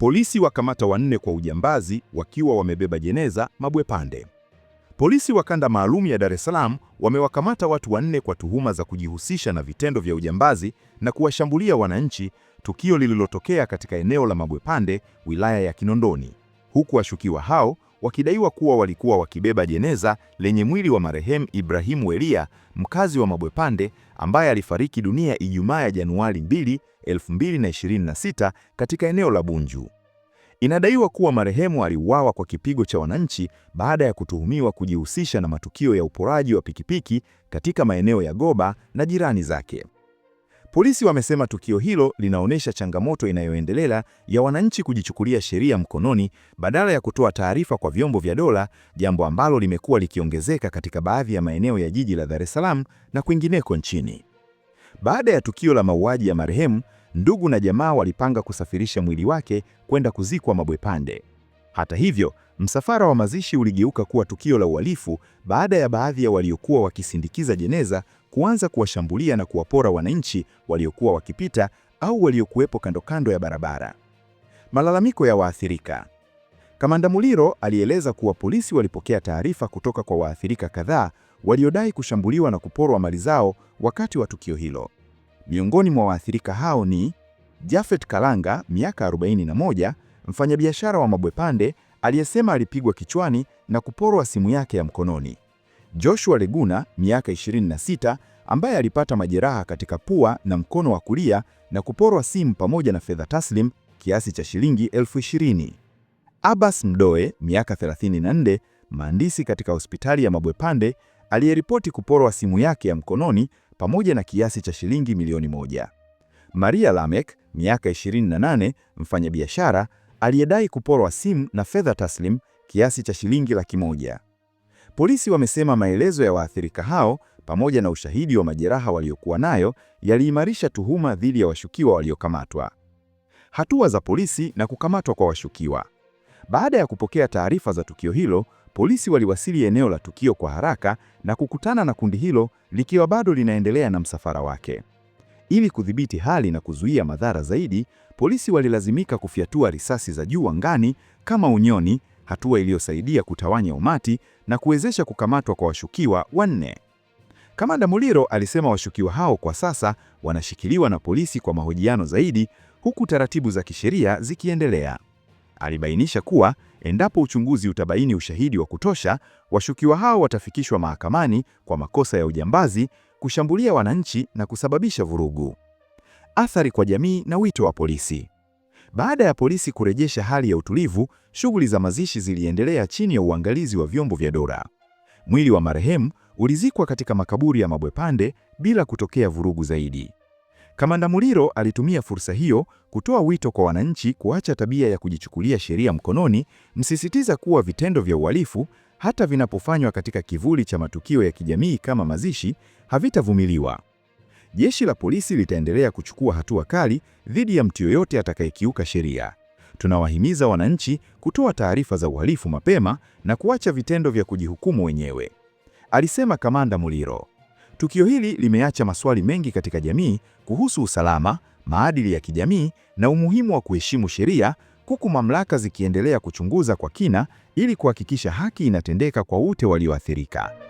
Polisi wakamata wanne kwa ujambazi wakiwa wamebeba jeneza Mabwepande. Polisi wa kanda maalum ya Dar es Salaam wamewakamata watu wanne kwa tuhuma za kujihusisha na vitendo vya ujambazi na kuwashambulia wananchi, tukio lililotokea katika eneo la Mabwepande, wilaya ya Kinondoni, huku washukiwa hao wakidaiwa kuwa walikuwa wakibeba jeneza lenye mwili wa marehemu Ibrahimu Elia, mkazi wa Mabwepande, ambaye alifariki dunia Ijumaa ya Januari 2, 2026 katika eneo la Bunju. Inadaiwa kuwa marehemu aliuawa kwa kipigo cha wananchi baada ya kutuhumiwa kujihusisha na matukio ya uporaji wa pikipiki katika maeneo ya Goba na jirani zake. Polisi wamesema tukio hilo linaonyesha changamoto inayoendelea ya wananchi kujichukulia sheria mkononi badala ya kutoa taarifa kwa vyombo vya dola, jambo ambalo limekuwa likiongezeka katika baadhi ya maeneo ya jiji la Dar es Salaam na kwingineko nchini. Baada ya tukio la mauaji ya marehemu, ndugu na jamaa walipanga kusafirisha mwili wake kwenda kuzikwa Mabwepande. Hata hivyo, msafara wa mazishi uligeuka kuwa tukio la uhalifu baada ya baadhi ya waliokuwa wakisindikiza jeneza kuanza kuwashambulia na kuwapora wananchi waliokuwa wakipita au waliokuwepo kando kando ya barabara. Malalamiko ya waathirika. Kamanda Muliro alieleza kuwa polisi walipokea taarifa kutoka kwa waathirika kadhaa waliodai kushambuliwa na kuporwa mali zao wakati wa tukio hilo. Miongoni mwa waathirika hao ni Jafet Kalanga, miaka 41, mfanyabiashara wa mabwepande aliyesema alipigwa kichwani na kuporwa simu yake ya mkononi. Joshua Leguna, miaka 26, ambaye alipata majeraha katika pua na mkono wa kulia na kuporwa simu pamoja na fedha taslim kiasi cha shilingi elfu ishirini. Abbas Mdoe, miaka 34, mhandisi katika hospitali ya Mabwepande, aliyeripoti kuporwa simu yake ya mkononi pamoja na kiasi cha shilingi milioni moja. Maria Lamek, miaka 28, mfanyabiashara aliyedai kuporwa simu na fedha taslim kiasi cha shilingi laki moja. Polisi wamesema maelezo ya waathirika hao pamoja na ushahidi wa majeraha waliokuwa nayo yaliimarisha tuhuma dhidi ya washukiwa waliokamatwa. Hatua za polisi na kukamatwa kwa washukiwa. Baada ya kupokea taarifa za tukio hilo, polisi waliwasili eneo la tukio kwa haraka na kukutana na kundi hilo likiwa bado linaendelea na msafara wake. Ili kudhibiti hali na kuzuia madhara zaidi, polisi walilazimika kufyatua risasi za juu angani kama unyoni, hatua iliyosaidia kutawanya umati na kuwezesha kukamatwa kwa washukiwa wanne. Kamanda Muliro alisema washukiwa hao kwa sasa wanashikiliwa na polisi kwa mahojiano zaidi, huku taratibu za kisheria zikiendelea. Alibainisha kuwa endapo uchunguzi utabaini ushahidi wa kutosha, washukiwa hao watafikishwa mahakamani kwa makosa ya ujambazi, kushambulia wananchi na kusababisha vurugu. Athari kwa jamii na wito wa polisi. Baada ya polisi kurejesha hali ya utulivu, shughuli za mazishi ziliendelea chini ya uangalizi wa vyombo vya dola. Mwili wa marehemu ulizikwa katika makaburi ya Mabwepande bila kutokea vurugu zaidi. Kamanda Muliro alitumia fursa hiyo kutoa wito kwa wananchi kuacha tabia ya kujichukulia sheria mkononi, msisitiza kuwa vitendo vya uhalifu hata vinapofanywa katika kivuli cha matukio ya kijamii kama mazishi havitavumiliwa. Jeshi la polisi litaendelea kuchukua hatua kali dhidi ya mtu yoyote atakayekiuka sheria. Tunawahimiza wananchi kutoa taarifa za uhalifu mapema na kuacha vitendo vya kujihukumu wenyewe, alisema Kamanda Muliro. Tukio hili limeacha maswali mengi katika jamii kuhusu usalama, maadili ya kijamii na umuhimu wa kuheshimu sheria, huku mamlaka zikiendelea kuchunguza kwa kina ili kuhakikisha haki inatendeka kwa wote walioathirika.